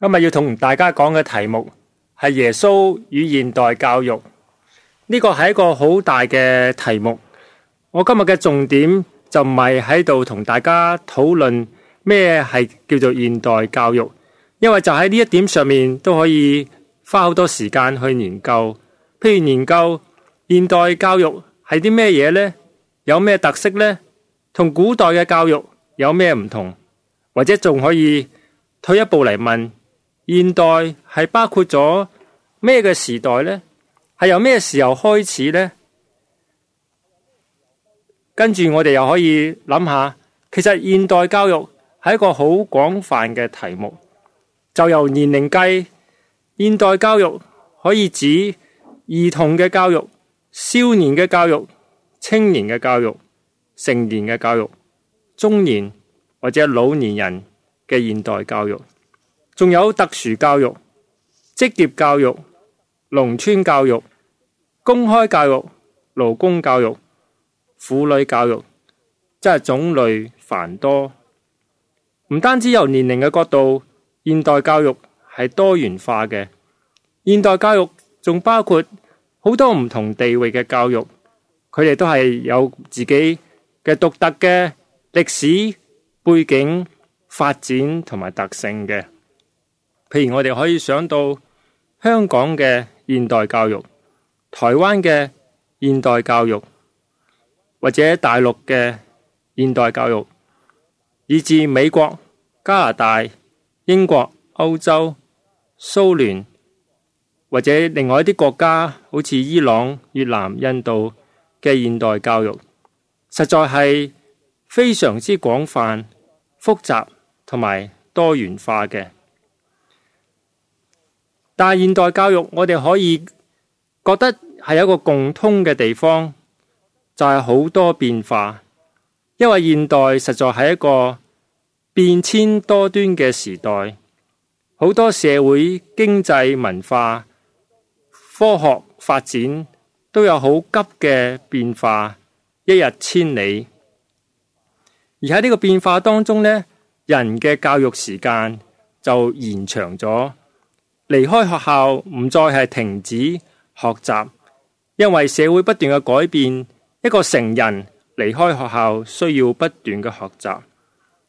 今日要同大家講嘅題目係耶穌與現代教育，呢個係一個好大嘅題目。我今日嘅重點就唔係喺度同大家討論咩係叫做現代教育，因為就喺呢一點上面都可以花好多時間去研究。譬如研究現代教育係啲咩嘢呢？有咩特色呢？同古代嘅教育有咩唔同，或者仲可以退一步嚟問。現代係包括咗咩嘅時代呢？係由咩時候開始呢？跟住我哋又可以諗下，其實現代教育係一個好廣泛嘅題目。就由年齡計，現代教育可以指兒童嘅教育、少年嘅教育、青年嘅教育、成年嘅教育、中年或者老年人嘅現代教育。仲有特殊教育、職業教育、農村教育、公開教育、勞工教育、婦女教育，即係種類繁多。唔單止由年齡嘅角度，現代教育係多元化嘅。現代教育仲包括好多唔同地域嘅教育，佢哋都係有自己嘅獨特嘅歷史背景、發展同埋特性嘅。譬如我哋可以想到香港嘅現代教育、台灣嘅現代教育，或者大陸嘅現代教育，以至美國、加拿大、英國、歐洲、蘇聯，或者另外一啲國家，好似伊朗、越南、印度嘅現代教育，實在係非常之廣泛、複雜同埋多元化嘅。但係現代教育，我哋可以覺得係有一個共通嘅地方，就係好多變化。因為現代實在係一個變遷多端嘅時代，好多社會、經濟、文化、科學發展都有好急嘅變化，一日千里。而喺呢個變化當中咧，人嘅教育時間就延長咗。離開學校唔再係停止學習，因為社會不斷嘅改變，一個成人離開學校需要不斷嘅學習，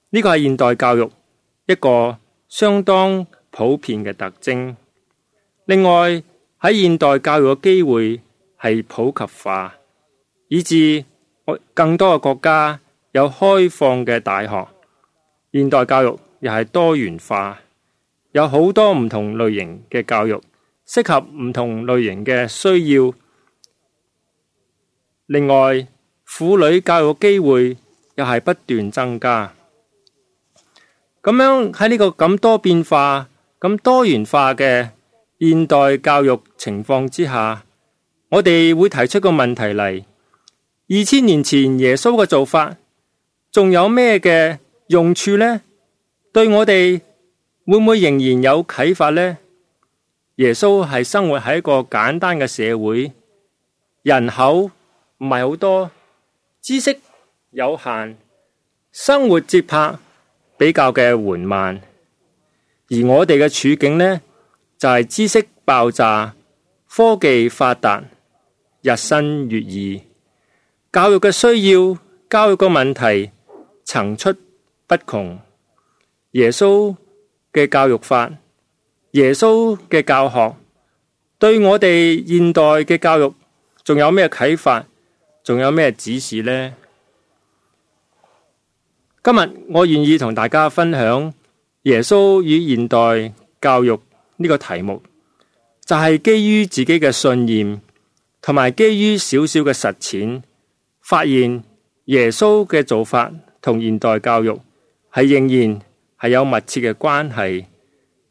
呢個係現代教育一個相當普遍嘅特徵。另外喺現代教育嘅機會係普及化，以至更多嘅國家有開放嘅大學，現代教育又係多元化。有好多唔同類型嘅教育，適合唔同類型嘅需要。另外，婦女教育嘅機會又係不斷增加。咁樣喺呢個咁多變化、咁多元化嘅現代教育情況之下，我哋會提出個問題嚟：二千年前耶穌嘅做法，仲有咩嘅用處呢？對我哋？會唔會仍然有啟發呢？耶穌係生活喺一個簡單嘅社會，人口唔係好多，知識有限，生活節拍比較嘅緩慢。而我哋嘅處境呢，就係知識爆炸，科技發達，日新月異，教育嘅需要、教育嘅問題層出不窮。耶穌。嘅教育法，耶穌嘅教學對我哋現代嘅教育仲有咩啟發？仲有咩指示咧？今日我願意同大家分享耶穌與現代教育呢個題目，就係、是、基於自己嘅信念同埋基於少少嘅實踐，發現耶穌嘅做法同現代教育係仍然。係有密切嘅關係。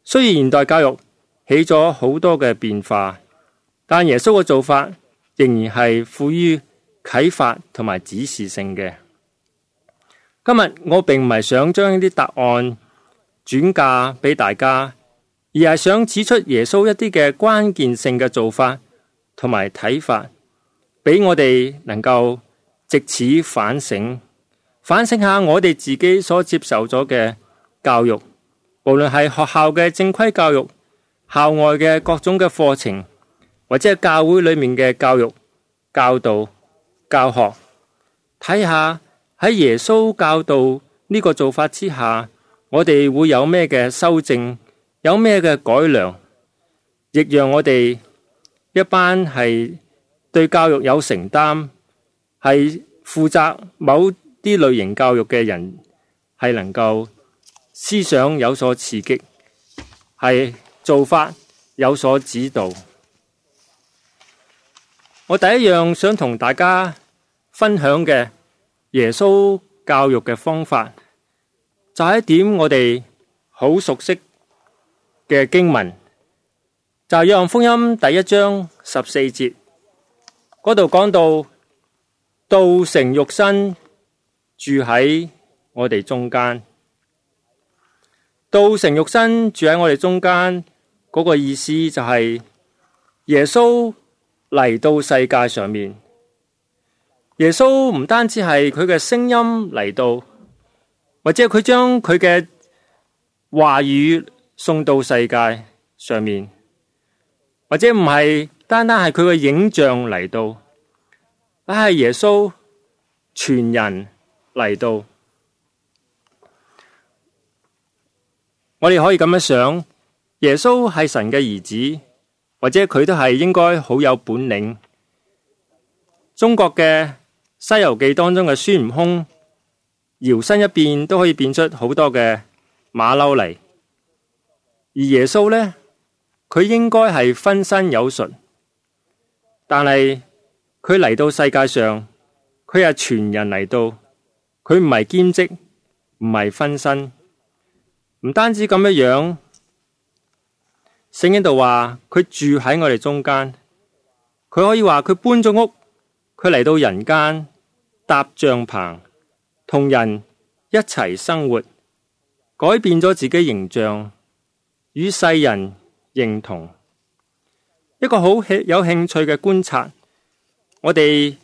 雖然現代教育起咗好多嘅變化，但耶穌嘅做法仍然係富於啟發同埋指示性嘅。今日我並唔係想將呢啲答案轉嫁俾大家，而係想指出耶穌一啲嘅關鍵性嘅做法同埋睇法，俾我哋能夠借此反省，反省下我哋自己所接受咗嘅。教育，無論係學校嘅正規教育、校外嘅各種嘅課程，或者教會裏面嘅教育、教導、教學，睇下喺耶穌教導呢個做法之下，我哋會有咩嘅修正，有咩嘅改良，亦讓我哋一班係對教育有承擔，係負責某啲類型教育嘅人，係能夠。思想有所刺激，係做法有所指導。我第一樣想同大家分享嘅耶穌教育嘅方法，就係一點我哋好熟悉嘅經文，就係約翰福音第一章十四節嗰度講到，道成肉身住喺我哋中間。到成肉身住喺我哋中間嗰，那個意思就係耶穌嚟到世界上面，耶穌唔單止係佢嘅聲音嚟到，或者佢將佢嘅話語送到世界上面，或者唔係單單係佢嘅影像嚟到，係耶穌傳人嚟到。我哋可以咁樣想，耶穌係神嘅兒子，或者佢都係應該好有本領。中國嘅《西遊記》當中嘅孫悟空，搖身一變都可以變出好多嘅馬騮嚟。而耶穌呢，佢應該係分身有術，但係佢嚟到世界上，佢係全人嚟到，佢唔係兼職，唔係分身。唔單止咁樣樣，聖經度話佢住喺我哋中間，佢可以話佢搬咗屋，佢嚟到人間，搭帳篷，同人一齊生活，改變咗自己形象，與世人認同。一個好興有興趣嘅觀察，我哋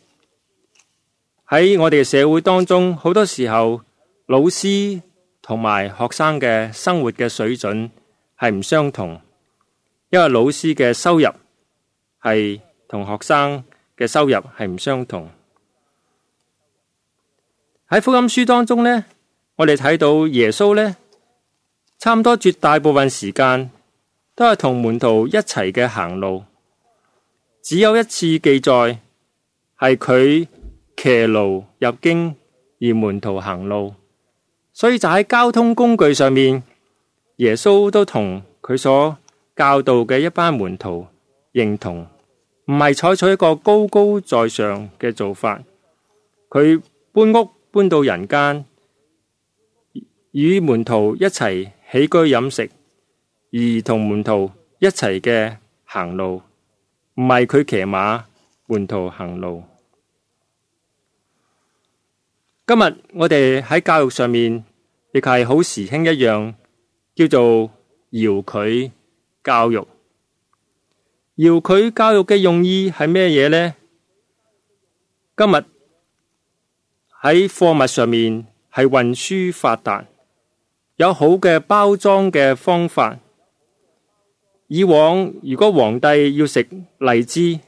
喺我哋嘅社會當中，好多時候老師，同埋學生嘅生活嘅水準係唔相同，因為老師嘅收入係同學生嘅收入係唔相同。喺福音書當中呢，我哋睇到耶穌呢，差唔多絕大部分時間都係同門徒一齊嘅行路，只有一次記載係佢騎驢入京，而門徒行路。所以就喺交通工具上面，耶穌都同佢所教導嘅一班門徒認同，唔係採取一個高高在上嘅做法。佢搬屋搬到人間，與門徒一齊起，起居飲食，而同門徒一齊嘅行路，唔係佢騎馬，門徒行路。今日我哋喺教育上面亦係好時興一樣，叫做遙距教育。遙距教育嘅用意係咩嘢呢？今日喺貨物上面係運輸發達，有好嘅包裝嘅方法。以往如果皇帝要食荔枝，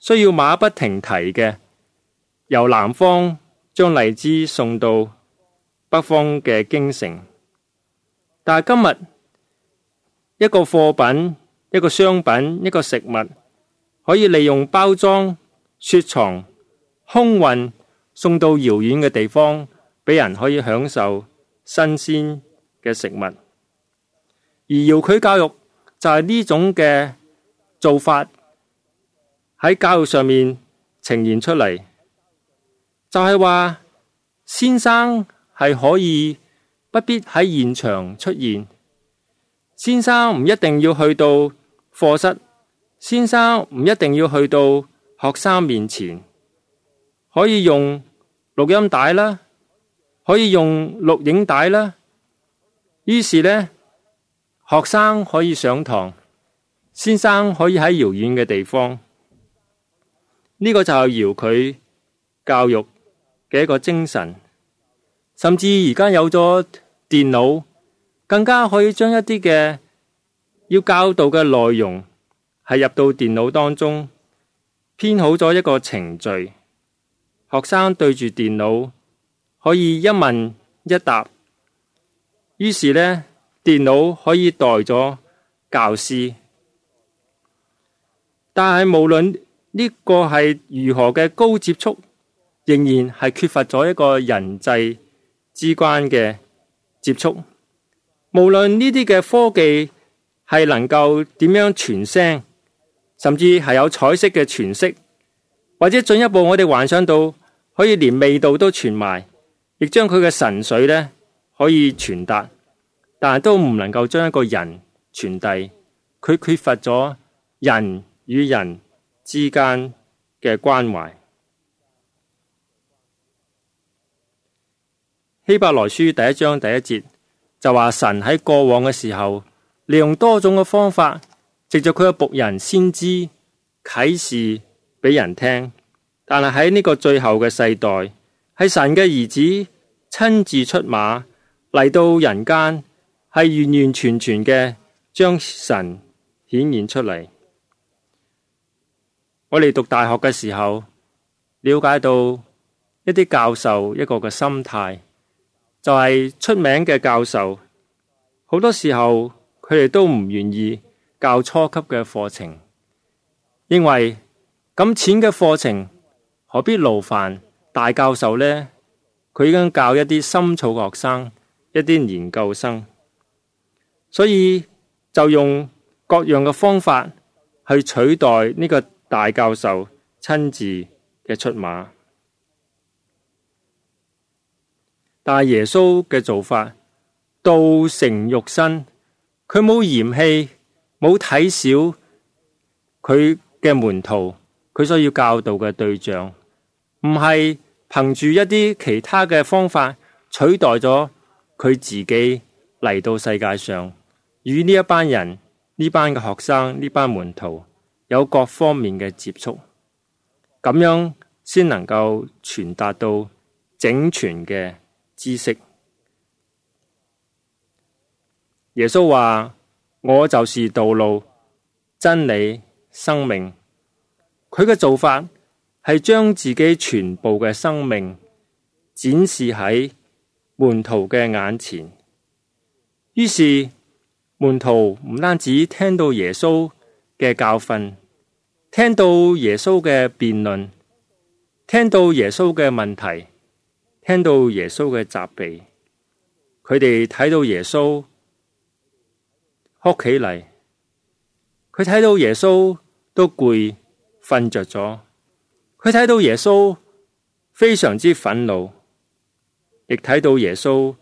需要馬不停蹄嘅，由南方。將荔枝送到北方嘅京城，但係今日一個貨品、一個商品、一個食物，可以利用包裝、雪藏、空運送到遙遠嘅地方，俾人可以享受新鮮嘅食物。而遙距教育就係呢種嘅做法喺教育上面呈現出嚟。就係話，先生係可以不必喺現場出現，先生唔一定要去到課室，先生唔一定要去到學生面前，可以用錄音帶啦，可以用錄影帶啦。於是呢，學生可以上堂，先生可以喺遙遠嘅地方，呢、這個就係遙距教育。嘅一個精神，甚至而家有咗電腦，更加可以將一啲嘅要教導嘅內容係入到電腦當中，編好咗一個程序，學生對住電腦可以一問一答，於是呢，電腦可以代咗教師，但係無論呢個係如何嘅高接觸。仍然係缺乏咗一個人際之關嘅接觸，無論呢啲嘅科技係能夠點樣傳聲，甚至係有彩色嘅傳色，或者進一步我哋幻想到可以連味道都傳埋，亦將佢嘅神髓咧可以傳達，但係都唔能夠將一個人傳遞，佢缺乏咗人與人之間嘅關懷。希伯來書第一章第一節就話神喺過往嘅時候，利用多種嘅方法，藉着佢嘅僕人先知啟示俾人聽。但係喺呢個最後嘅世代，係神嘅兒子親自出馬嚟到人間，係完完全全嘅將神顯現出嚟。我哋讀大學嘅時候，了解到一啲教授一個嘅心態。就係出名嘅教授，好多時候佢哋都唔願意教初級嘅課程，因為咁淺嘅課程何必勞煩大教授呢？佢已經教一啲深造學生、一啲研究生，所以就用各樣嘅方法去取代呢個大教授親自嘅出馬。但係耶穌嘅做法，道成肉身，佢冇嫌棄，冇睇小佢嘅門徒，佢所要教導嘅對象，唔係憑住一啲其他嘅方法取代咗佢自己嚟到世界上，與呢一班人，呢班嘅學生，呢班門徒有各方面嘅接觸，咁樣先能夠傳達到整全嘅。知識，耶穌話：我就是道路、真理、生命。佢嘅做法係將自己全部嘅生命展示喺門徒嘅眼前。於是門徒唔單止聽到耶穌嘅教訓，聽到耶穌嘅辯論，聽到耶穌嘅問題。聽到耶穌嘅責備，佢哋睇到耶穌哭起嚟，佢睇到耶穌都攰瞓着咗，佢睇到耶穌非常之憤怒，亦睇到耶穌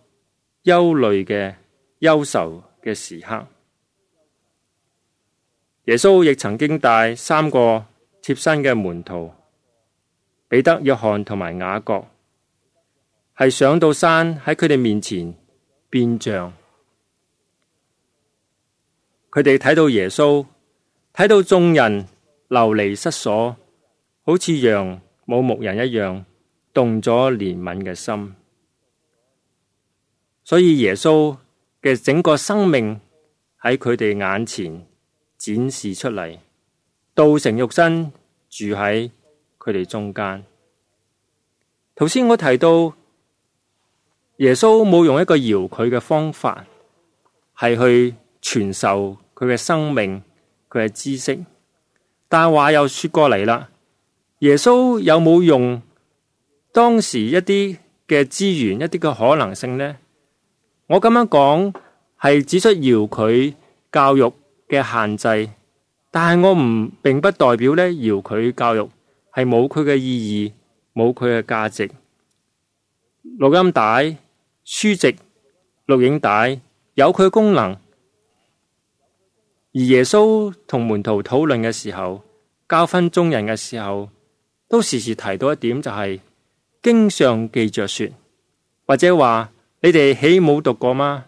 憂慮嘅憂愁嘅時刻。耶穌亦曾經帶三個貼身嘅門徒，彼得、約翰同埋雅各。係上到山喺佢哋面前變像，佢哋睇到耶穌，睇到眾人流離失所，好似羊冇牧人一樣，動咗憐憫嘅心。所以耶穌嘅整個生命喺佢哋眼前展示出嚟，道成肉身住喺佢哋中間。頭先我提到。耶穌冇用一個遙距嘅方法，係去傳授佢嘅生命、佢嘅知識。但話又說過嚟啦，耶穌有冇用當時一啲嘅資源、一啲嘅可能性呢？我咁樣講係指出遙距教育嘅限制，但係我唔並不代表咧遙距教育係冇佢嘅意義、冇佢嘅價值。錄音帶、書籍、錄影帶，有佢功能。而耶穌同門徒討論嘅時候，教訓眾人嘅時候，都時時提到一點，就係經上記着說，或者話你哋豈冇讀過嗎？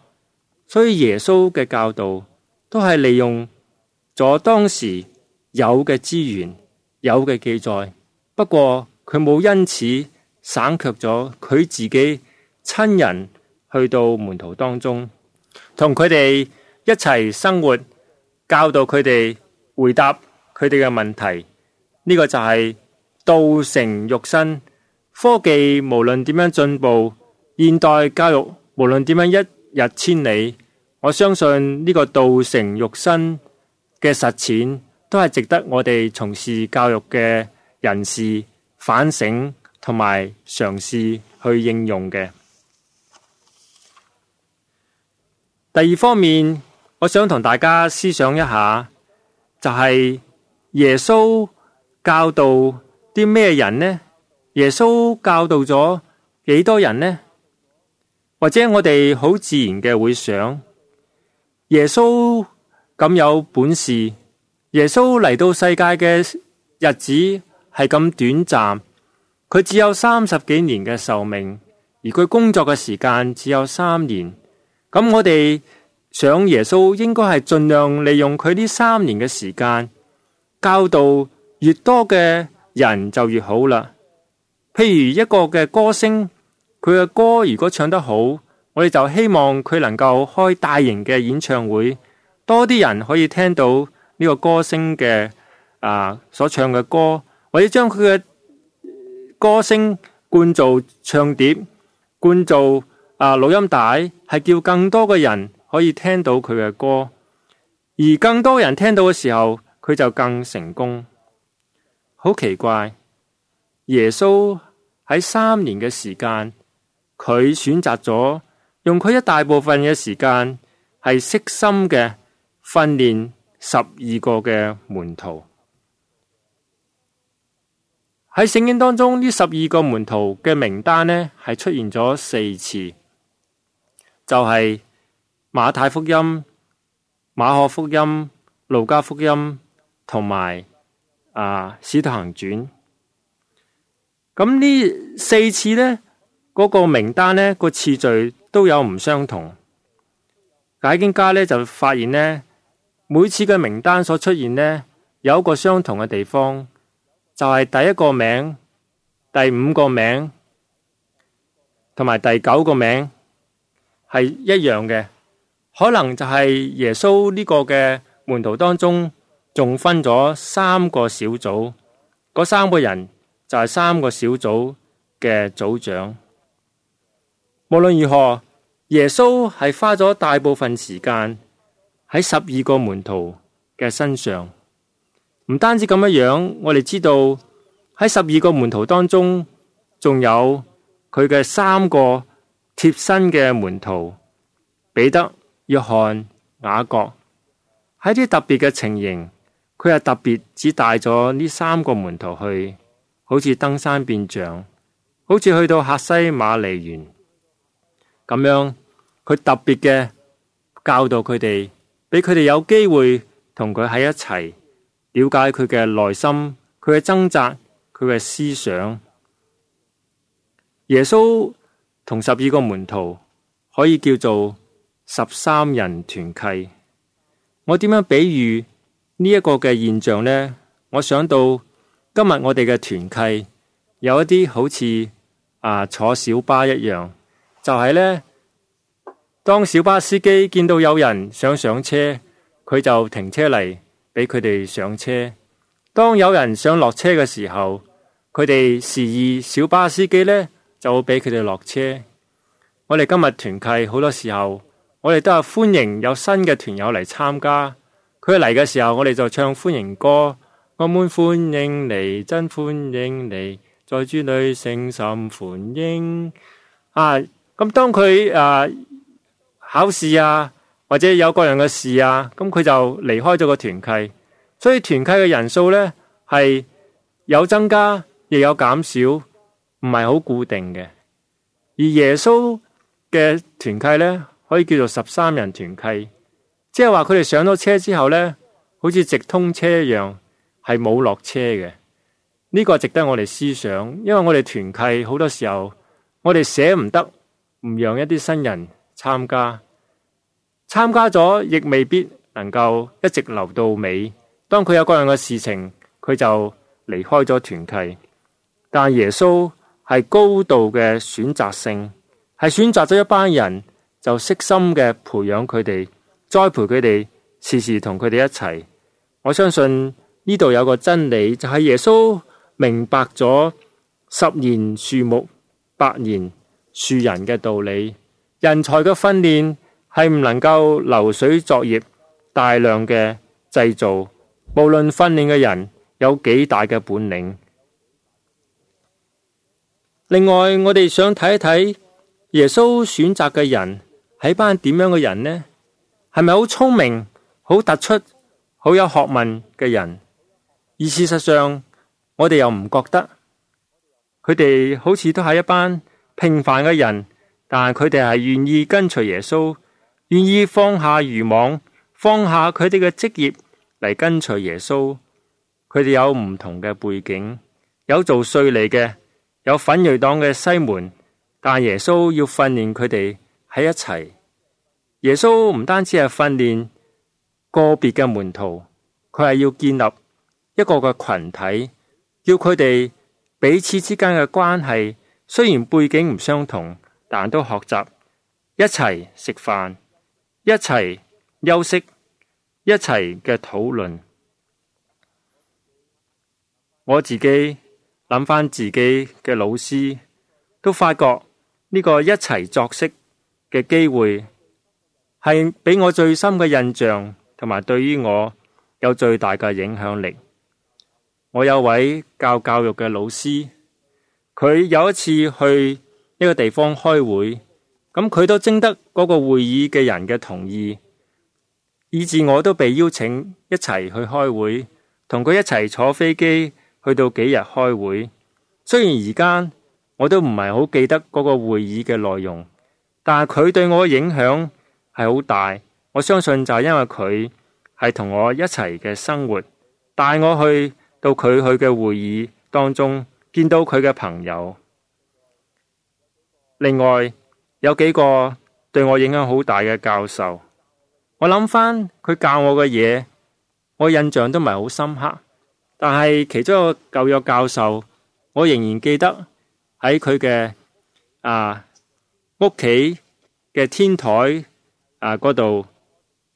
所以耶穌嘅教導都係利用咗當時有嘅資源、有嘅記載。不過佢冇因此，省卻咗佢自己親人去到門徒當中，同佢哋一齊生活，教導佢哋，回答佢哋嘅問題。呢個就係道成肉身。科技無論點樣進步，現代教育無論點樣一日千里，我相信呢個道成肉身嘅實踐都係值得我哋從事教育嘅人士反省，同埋嘗試去應用嘅。第二方面，我想同大家思想一下，就係耶穌教導啲咩人呢？耶穌教導咗幾多人呢？或者我哋好自然嘅會想，耶穌咁有本事，耶穌嚟到世界嘅日子係咁短暫。佢只有三十幾年嘅壽命，而佢工作嘅時間只有三年。咁我哋想耶穌應該係盡量利用佢呢三年嘅時間，教導越多嘅人就越好啦。譬如一個嘅歌星，佢嘅歌如果唱得好，我哋就希望佢能夠開大型嘅演唱會，多啲人可以聽到呢個歌星嘅啊、呃、所唱嘅歌，或者將佢嘅。歌聲灌造唱碟，灌造啊呃、錄音帶，係叫更多嘅人可以聽到佢嘅歌。而更多人聽到嘅時候，佢就更成功。好奇怪！耶穌喺三年嘅時間，佢選擇咗用佢一大部分嘅時間係悉心嘅訓練十二個嘅門徒。喺聖經當中呢，十二個門徒嘅名單呢係出現咗四次，就係、是、馬太福音、馬可福音、路加福音同埋啊使徒行傳。咁、嗯、呢四次呢嗰、那個名單呢、那個次序都有唔相同。解經家呢就發現呢，每次嘅名單所出現呢有一個相同嘅地方。就係第一個名、第五個名同埋第九個名係一樣嘅，可能就係耶穌呢個嘅門徒當中，仲分咗三個小組，嗰三個人就係三個小組嘅組長。無論如何，耶穌係花咗大部分時間喺十二個門徒嘅身上。唔單止咁樣樣，我哋知道喺十二個門徒當中，仲有佢嘅三個貼身嘅門徒，彼得、約翰、雅各。喺啲特別嘅情形，佢又特別只帶咗呢三個門徒去，好似登山變像，好似去到客西馬尼園咁樣。佢特別嘅教導佢哋，俾佢哋有機會同佢喺一齊。了解佢嘅內心，佢嘅掙扎，佢嘅思想。耶穌同十二個門徒可以叫做十三人團契。我點樣比喻呢一個嘅現象呢？我想到今日我哋嘅團契有一啲好似啊坐小巴一樣，就係呢，當小巴司機見到有人想上車，佢就停車嚟。俾佢哋上車。當有人想落車嘅時候，佢哋示意小巴司機呢就會俾佢哋落車。我哋今日團契好多時候，我哋都係歡迎有新嘅團友嚟參加。佢嚟嘅時候，我哋就唱歡迎歌。我們歡迎你，真歡迎你，在主裡誠心歡迎。啊，咁當佢啊考試啊，或者有各樣嘅事啊，咁佢就離開咗個團契，所以團契嘅人數呢，係有增加，亦有減少，唔係好固定嘅。而耶穌嘅團契呢，可以叫做十三人團契，即係話佢哋上咗車之後呢，好似直通車一樣，係冇落車嘅。呢個值得我哋思想，因為我哋團契好多時候，我哋捨唔得唔讓一啲新人參加。參加咗亦未必能夠一直留到尾。當佢有各樣嘅事情，佢就離開咗團契。但耶穌係高度嘅選擇性，係選擇咗一班人就悉心嘅培養佢哋，栽培佢哋，時時同佢哋一齊。我相信呢度有個真理，就係耶穌明白咗十年樹木，百年樹人嘅道理，人才嘅訓練。係唔能夠流水作業、大量嘅製造，無論訓練嘅人有幾大嘅本領。另外，我哋想睇一睇耶穌選擇嘅人係班點樣嘅人呢？係咪好聰明、好突出、好有學問嘅人？而事實上，我哋又唔覺得佢哋好似都係一班平凡嘅人，但係佢哋係願意跟隨耶穌。願意放下漁網，放下佢哋嘅職業嚟，跟隨耶穌。佢哋有唔同嘅背景，有做稅吏嘅，有奮銳黨嘅西門。但耶穌要訓練佢哋喺一齊。耶穌唔單止係訓練個別嘅門徒，佢係要建立一個嘅群體，要佢哋彼此之間嘅關係。雖然背景唔相同，但都學習一齊食飯。一齊休息，一齊嘅討論，我自己諗翻自己嘅老師，都發覺呢個一齊作息嘅機會係俾我最深嘅印象，同埋對於我有最大嘅影響力。我有位教教育嘅老師，佢有一次去呢個地方開會。咁佢都徵得嗰個會議嘅人嘅同意，以至我都被邀請一齊去開會，同佢一齊坐飛機去到幾日開會。雖然而家我都唔係好記得嗰個會議嘅內容，但係佢對我影響係好大。我相信就係因為佢係同我一齊嘅生活，帶我去到佢去嘅會議當中，見到佢嘅朋友。另外。有幾個對我影響好大嘅教授，我諗翻佢教我嘅嘢，我印象都唔係好深刻。但係其中一個舊約教授，我仍然記得喺佢嘅啊屋企嘅天台啊嗰度，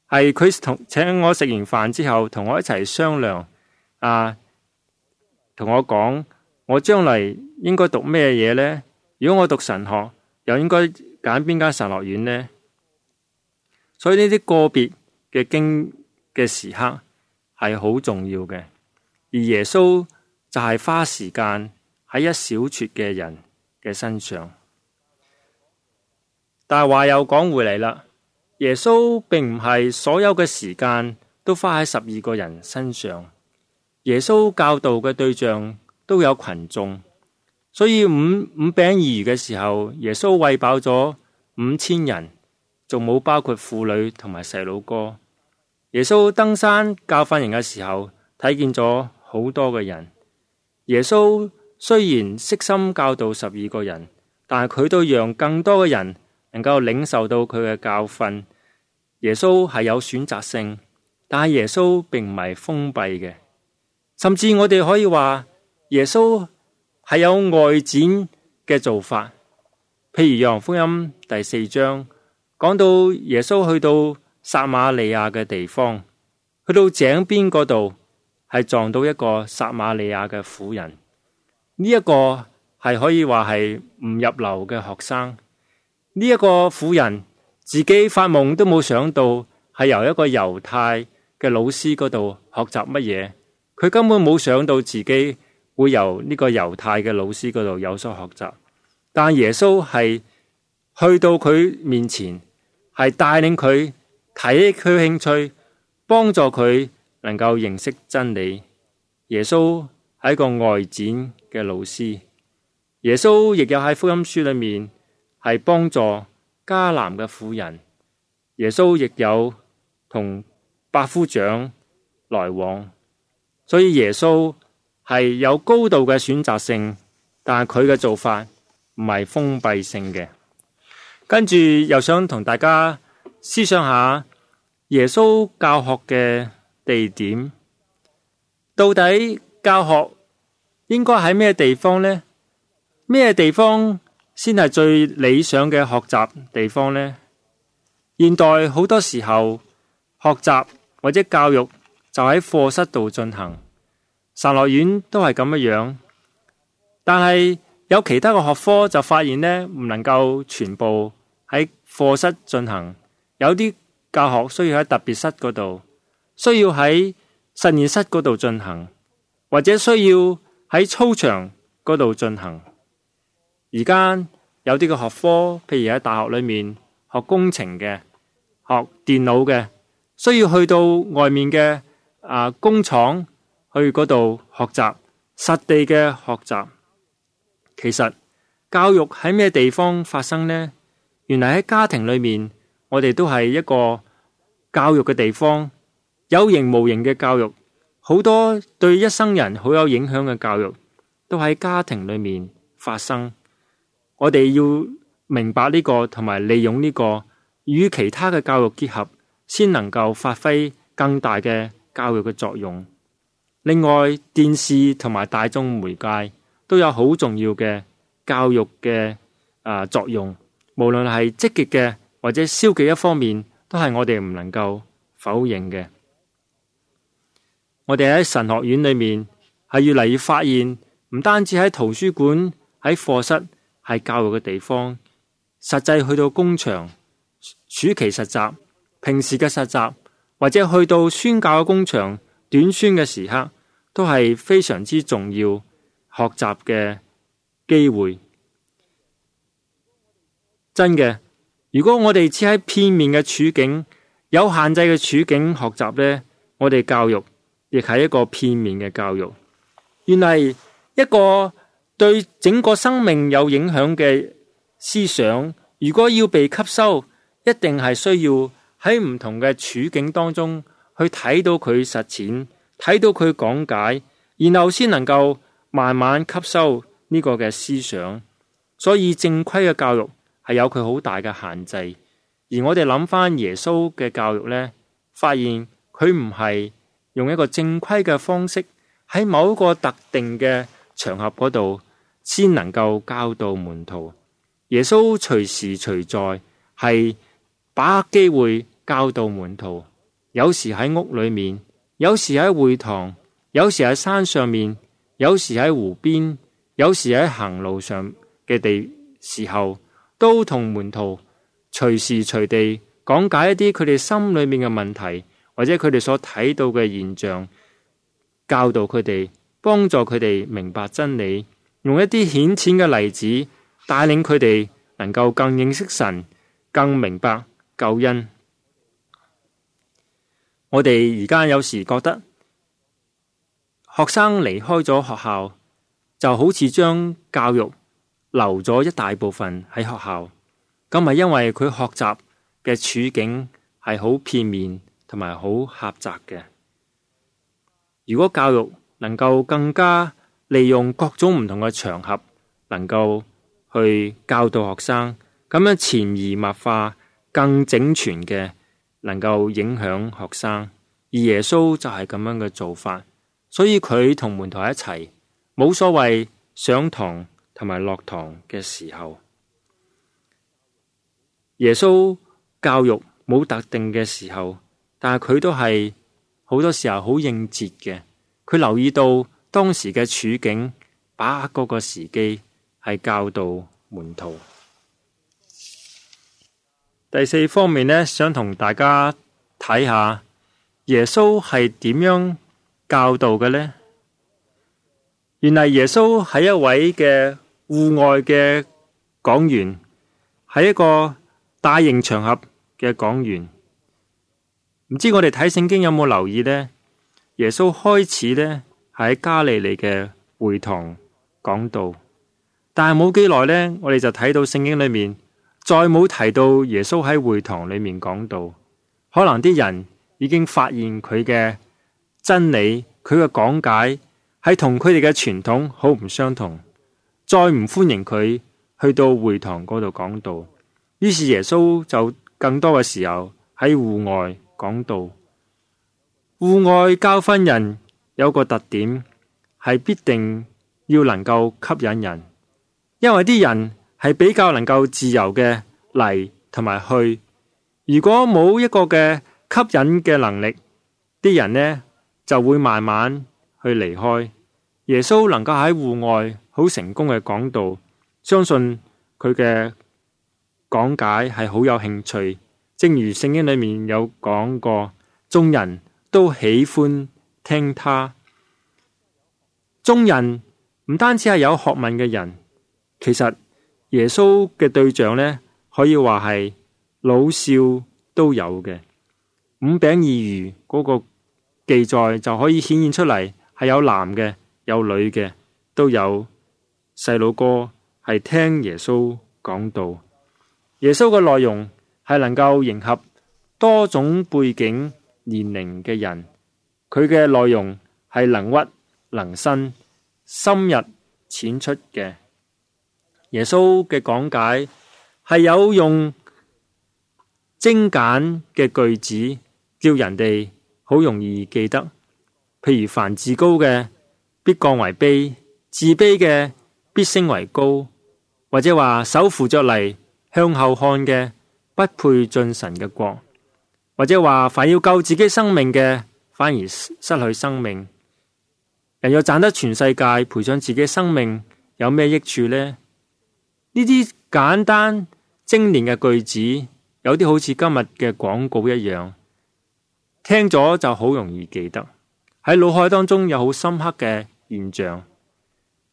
係佢同請我食完飯之後，同我一齊商量啊，同我講我將來應該讀咩嘢呢？如果我讀神學，又應該。揀邊間神樂園呢？所以呢啲個別嘅經嘅時刻係好重要嘅，而耶穌就係花時間喺一小撮嘅人嘅身上。但係話又講回嚟啦，耶穌並唔係所有嘅時間都花喺十二個人身上。耶穌教導嘅對象都有群眾。所以五五餅二魚嘅時候，耶穌餵飽咗五千人，仲冇包括婦女同埋細佬哥。耶穌登山教訓人嘅時候，睇見咗好多嘅人。耶穌雖然悉心教導十二個人，但係佢都讓更多嘅人能夠領受到佢嘅教訓。耶穌係有選擇性，但係耶穌並唔係封閉嘅。甚至我哋可以話，耶穌係有外展嘅做法，譬如《約翰福音》第四章講到耶穌去到撒瑪利亞嘅地方，去到井邊嗰度，係撞到一個撒瑪利亞嘅婦人。呢一個係可以話係唔入流嘅學生。呢一個婦人自己發夢都冇想到，係由一個猶太嘅老師嗰度學習乜嘢。佢根本冇想到自己。會由呢個猶太嘅老師嗰度有所學習，但耶穌係去到佢面前，係帶領佢提起佢興趣，幫助佢能夠認識真理。耶穌係一個外展嘅老師。耶穌亦有喺福音書裏面係幫助迦南嘅婦人。耶穌亦有同百夫長來往，所以耶穌。係有高度嘅選擇性，但係佢嘅做法唔係封閉性嘅。跟住又想同大家思想下耶穌教學嘅地點，到底教學應該喺咩地方呢？咩地方先係最理想嘅學習地方呢？現代好多時候學習或者教育就喺課室度進行。神學院都係咁嘅樣，但係有其他嘅學科就發現呢，唔能夠全部喺課室進行，有啲教學需要喺特別室嗰度，需要喺實驗室嗰度進行，或者需要喺操場嗰度進行。而家有啲嘅學科，譬如喺大學裏面學工程嘅、學電腦嘅，需要去到外面嘅啊、呃、工廠。去嗰度學習，實地嘅學習，其實教育喺咩地方發生呢？原來喺家庭裏面，我哋都係一個教育嘅地方，有形無形嘅教育，好多對一生人好有影響嘅教育，都喺家庭裏面發生。我哋要明白呢個，同埋利用呢個與其他嘅教育結合，先能夠發揮更大嘅教育嘅作用。另外，電視同埋大眾媒介都有好重要嘅教育嘅作用，無論係積極嘅或者消極一方面，都係我哋唔能夠否認嘅。我哋喺神學院裏面係越嚟越發現，唔單止喺圖書館、喺課室係教育嘅地方，實際去到工場暑期實習、平時嘅實習，或者去到宣教嘅工場短宣嘅時刻。都係非常之重要學習嘅機會。真嘅，如果我哋只喺片面嘅處境、有限製嘅處境學習呢，我哋教育亦係一個片面嘅教育。原來一個對整個生命有影響嘅思想，如果要被吸收，一定係需要喺唔同嘅處境當中去睇到佢實踐，睇到佢講解，然後先能夠慢慢吸收呢個嘅思想，所以正規嘅教育係有佢好大嘅限制。而我哋諗翻耶穌嘅教育呢，發現佢唔係用一個正規嘅方式喺某一個特定嘅場合嗰度先能夠教導門徒。耶穌隨時隨在係把握機會教導門徒，有時喺屋裏面。有時喺會堂，有時喺山上面，有時喺湖邊，有時喺行路上嘅地時候，都同門徒隨時隨地講解一啲佢哋心裏面嘅問題，或者佢哋所睇到嘅現象，教導佢哋，幫助佢哋明白真理，用一啲顯淺嘅例子，帶領佢哋能夠更認識神，更明白救恩。我哋而家有時覺得學生離開咗學校，就好似將教育留咗一大部分喺學校。咁係因為佢學習嘅處境係好片面同埋好狹窄嘅。如果教育能夠更加利用各種唔同嘅場合，能夠去教導學生，咁樣潛移默化更整全嘅。能夠影響學生，而耶穌就係咁樣嘅做法，所以佢同門徒一齊，冇所謂上堂同埋落堂嘅時候，耶穌教育冇特定嘅時候，但係佢都係好多時候好應節嘅，佢留意到當時嘅處境，把握嗰個時機係教導門徒。第四方面呢，想同大家睇下耶穌係點樣教導嘅呢？原嚟耶穌係一位嘅戶外嘅講員，係一個大型場合嘅講員。唔知我哋睇聖經有冇留意呢？耶穌開始呢，喺加利利嘅會堂講道，但係冇幾耐呢，我哋就睇到聖經裏面。再冇提到耶穌喺會堂裏面講道，可能啲人已經發現佢嘅真理，佢嘅講解係同佢哋嘅傳統好唔相同，再唔歡迎佢去到會堂嗰度講道。於是耶穌就更多嘅時候喺戶外講道。戶外教訓人有個特點係必定要能夠吸引人，因為啲人。係比較能夠自由嘅嚟，同埋去。如果冇一個嘅吸引嘅能力，啲人呢就會慢慢去離開。耶穌能夠喺戶外好成功嘅講道，相信佢嘅講解係好有興趣。正如聖經裏面有講過，眾人都喜歡聽他。眾人唔單止係有學問嘅人，其實。耶穌嘅對象呢，可以話係老少都有嘅。五餅二魚嗰個記載就可以顯現出嚟，係有男嘅，有女嘅，都有細路哥係聽耶穌講道。耶穌嘅內容係能夠迎合多種背景年齡嘅人，佢嘅內容係能屈能伸，深入淺出嘅。耶穌嘅講解係有用精簡嘅句子，叫人哋好容易記得。譬如凡自高嘅，必降為卑；自卑嘅，必升為高。或者話手扶着嚟向後看嘅，不配進神嘅國。或者話凡要救自己生命嘅，反而失去生命。人要賺得全世界，賠上自己生命，有咩益處呢？呢啲簡單精煉嘅句子，有啲好似今日嘅廣告一樣，聽咗就好容易記得，喺腦海當中有好深刻嘅現象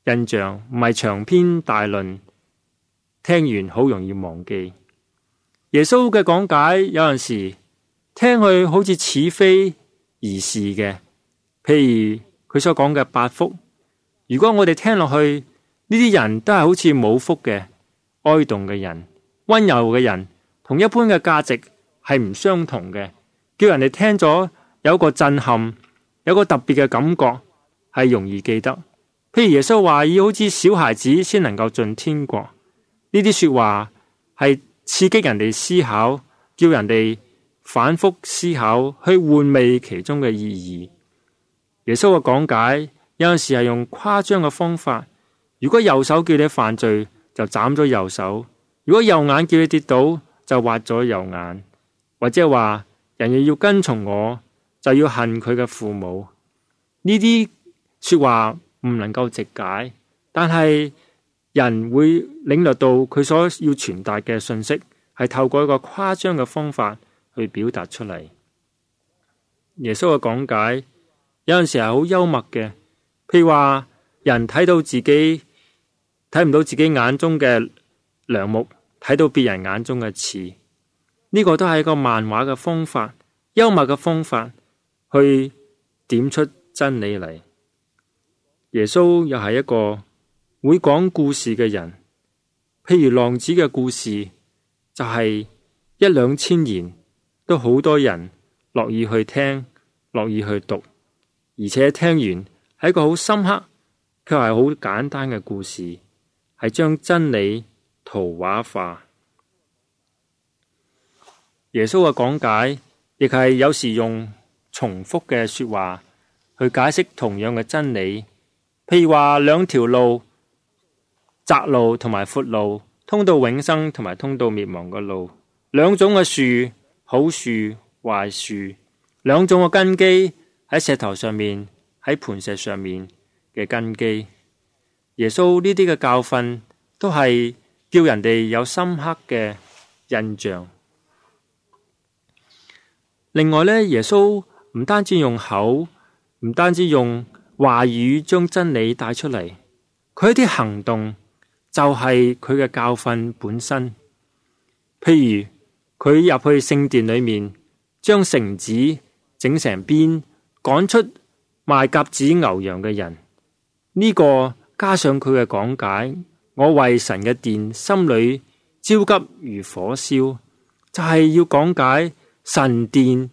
印象，唔係長篇大論，聽完好容易忘記。耶穌嘅講解有陣時聽去好似似非而是嘅，譬如佢所講嘅八福，如果我哋聽落去，呢啲人都係好似冇福嘅。哀動嘅人，温柔嘅人，同一般嘅價值係唔相同嘅。叫人哋聽咗有一個震撼，有個特別嘅感覺係容易記得。譬如耶穌話要好似小孩子先能夠進天國呢啲說話，係刺激人哋思考，叫人哋反覆思考去回味其中嘅意義。耶穌嘅講解有陣時係用誇張嘅方法。如果右手叫你犯罪。就斬咗右手；如果右眼叫佢跌倒，就挖咗右眼。或者話人要跟從我，就要恨佢嘅父母。呢啲說話唔能夠直解，但係人會領略到佢所要傳達嘅信息，係透過一個誇張嘅方法去表達出嚟。耶穌嘅講解有陣時係好幽默嘅，譬如話人睇到自己。睇唔到自己眼中嘅梁木，睇到別人眼中嘅刺，呢、這個都係一個漫畫嘅方法，幽默嘅方法去點出真理嚟。耶穌又係一個會講故事嘅人，譬如浪子嘅故事，就係一兩千言，都好多人樂意去聽，樂意去讀，而且聽完係一個好深刻，卻係好簡單嘅故事。係將真理圖畫化，耶穌嘅講解亦係有時用重複嘅說話去解釋同樣嘅真理。譬如話，兩條路，窄路同埋闊路，通到永生同埋通到滅亡嘅路；兩種嘅樹，好樹壞樹；兩種嘅根基，喺石頭上面，喺磐石上面嘅根基。耶穌呢啲嘅教訓都係叫人哋有深刻嘅印象。另外呢，耶穌唔單止用口，唔單止用話語將真理帶出嚟，佢一啲行動就係佢嘅教訓本身。譬如佢入去聖殿裏面，將繩子整成鞭趕出賣鴿子牛羊嘅人，呢、這個。加上佢嘅講解，我為神嘅殿心裏焦急如火燒，就係、是、要講解神殿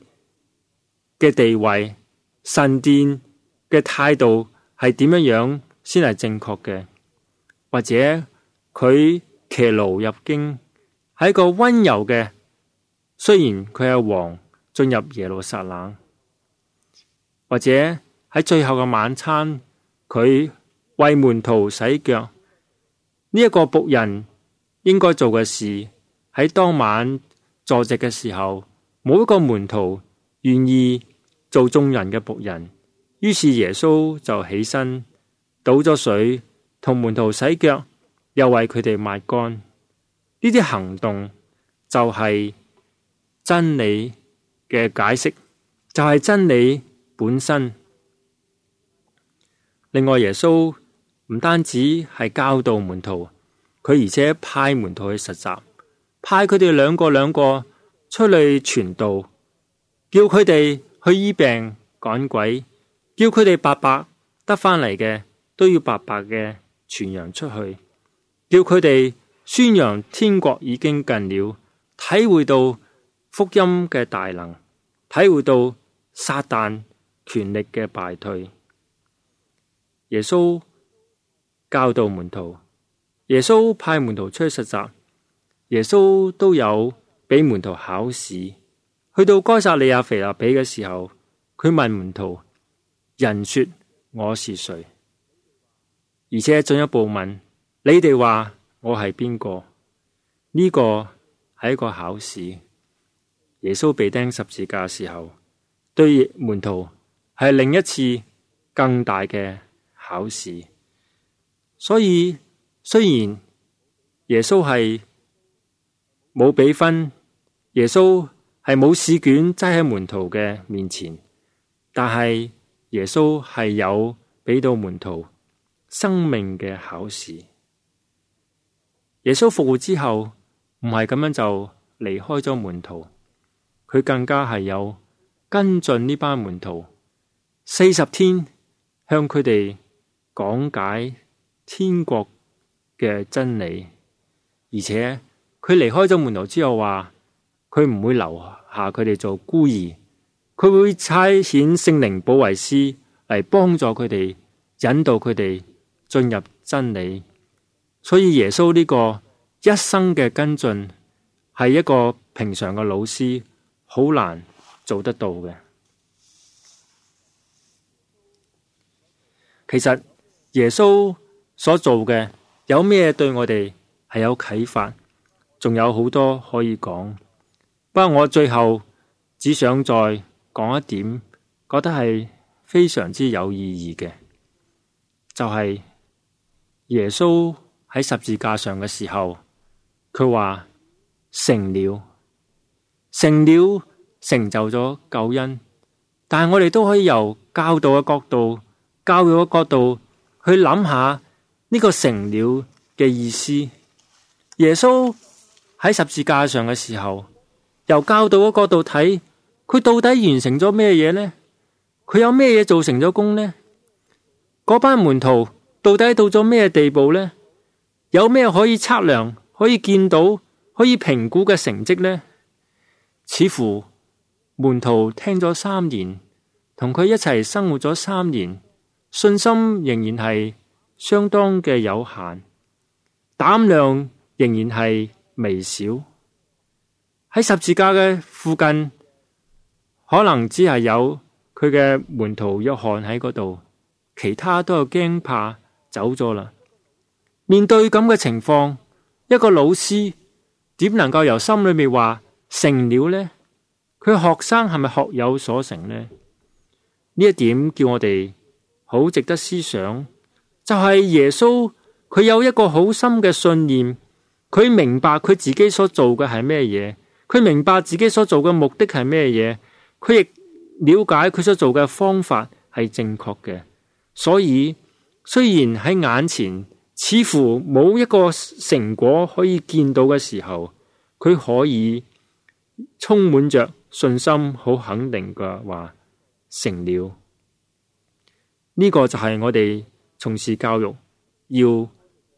嘅地位、神殿嘅態度係點樣樣先係正確嘅，或者佢騎驢入京係一個溫柔嘅，雖然佢係王進入耶路撒冷，或者喺最後嘅晚餐佢。為門徒洗腳，呢一個僕人應該做嘅事，喺當晚坐席嘅時候，冇一個門徒願意做眾人嘅僕人。於是耶穌就起身，倒咗水，同門徒洗腳，又為佢哋抹乾。呢啲行動就係真理嘅解釋，就係真理本身。另外，耶穌。唔單止係教導門徒，佢而且派門徒去實習，派佢哋兩個兩個出嚟傳道，叫佢哋去醫病趕鬼，叫佢哋白白得返嚟嘅都要白白嘅傳揚出去，叫佢哋宣揚天國已經近了，體會到福音嘅大能，體會到撒旦權力嘅敗退，耶穌。教導門徒，耶穌派門徒出去實習，耶穌都有俾門徒考試。去到該撒利亞腓立比嘅時候，佢問門徒：人說我是誰？而且進一步問：你哋話我係邊個？呢個係一個考試。耶穌被釘十字架時候，對門徒係另一次更大嘅考試。所以雖然耶穌係冇俾分，耶穌係冇試卷，擠喺門徒嘅面前，但係耶穌係有俾到門徒生命嘅考試。耶穌復活之後唔係咁樣就離開咗門徒，佢更加係有跟進呢班門徒四十天，向佢哋講解。天國嘅真理，而且佢離開咗門徒之後話，佢唔會留下佢哋做孤兒，佢會差遣聖靈保惠師嚟幫助佢哋，引導佢哋進入真理。所以耶穌呢個一生嘅跟進，係一個平常嘅老師好難做得到嘅。其實耶穌。所做嘅有咩對我哋係有啟發，仲有好多可以講。不過我最後只想再講一點，覺得係非常之有意義嘅，就係耶穌喺十字架上嘅時候，佢話成了，成了，成就咗救恩。但係我哋都可以由教導嘅角度、教育嘅角度去諗下。呢個成了嘅意思，耶穌喺十字架上嘅時候，由教導嘅角度睇，佢到底完成咗咩嘢呢？佢有咩嘢做成咗功呢？嗰班門徒到底到咗咩地步呢？有咩可以測量、可以見到、可以評估嘅成績呢？似乎門徒聽咗三年，同佢一齊生活咗三年，信心仍然係。相當嘅有限，膽量仍然係微小。喺十字架嘅附近，可能只係有佢嘅門徒約翰喺嗰度，其他都有驚怕走咗啦。面對咁嘅情況，一個老師點能夠由心裏面話成了呢？佢學生係咪學有所成呢？呢一點叫我哋好值得思想。就係耶穌，佢有一個好深嘅信念，佢明白佢自己所做嘅係咩嘢，佢明白自己所做嘅目的係咩嘢，佢亦了解佢所做嘅方法係正確嘅。所以雖然喺眼前似乎冇一個成果可以見到嘅時候，佢可以充滿着信心，好肯定嘅話成了。呢個就係我哋。從事教育，要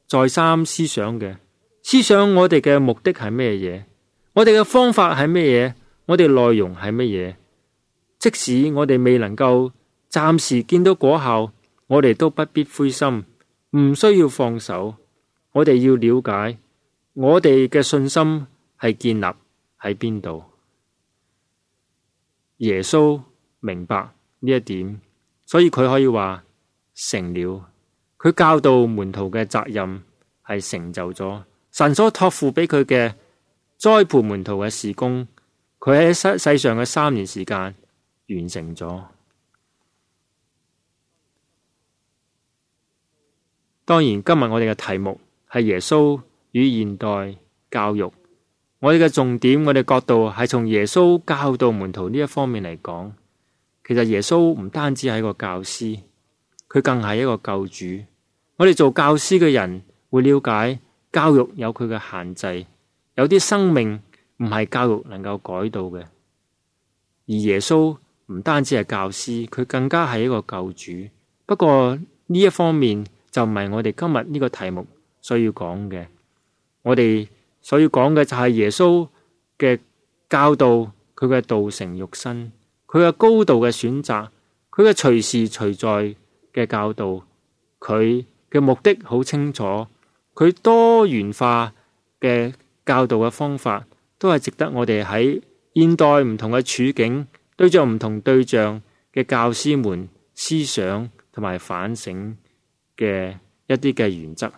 再三思想嘅。思想我哋嘅，我哋嘅目的係咩嘢？我哋嘅方法係咩嘢？我哋內容係乜嘢？即使我哋未能夠暫時見到果效，我哋都不必灰心，唔需要放手。我哋要了解我哋嘅信心係建立喺邊度？耶穌明白呢一點，所以佢可以話成了。佢教導門徒嘅責任係成就咗神所託付俾佢嘅栽培門徒嘅事工，佢喺世上嘅三年時間完成咗。當然，今日我哋嘅題目係耶穌與現代教育，我哋嘅重點，我哋角度係從耶穌教導門徒呢一方面嚟講。其實耶穌唔單止係一個教師，佢更係一個救主。我哋做教師嘅人會了解教育有佢嘅限制，有啲生命唔係教育能夠改到嘅。而耶穌唔單止係教師，佢更加係一個救主。不過呢一方面就唔係我哋今日呢個題目所要講嘅。我哋所要講嘅就係耶穌嘅教導，佢嘅道成肉身，佢嘅高度嘅選擇，佢嘅隨時隨在嘅教導，佢嘅目的好清楚，佢多元化嘅教導嘅方法都係值得我哋喺現代唔同嘅處境，對住唔同對象嘅教師們思想同埋反省嘅一啲嘅原則。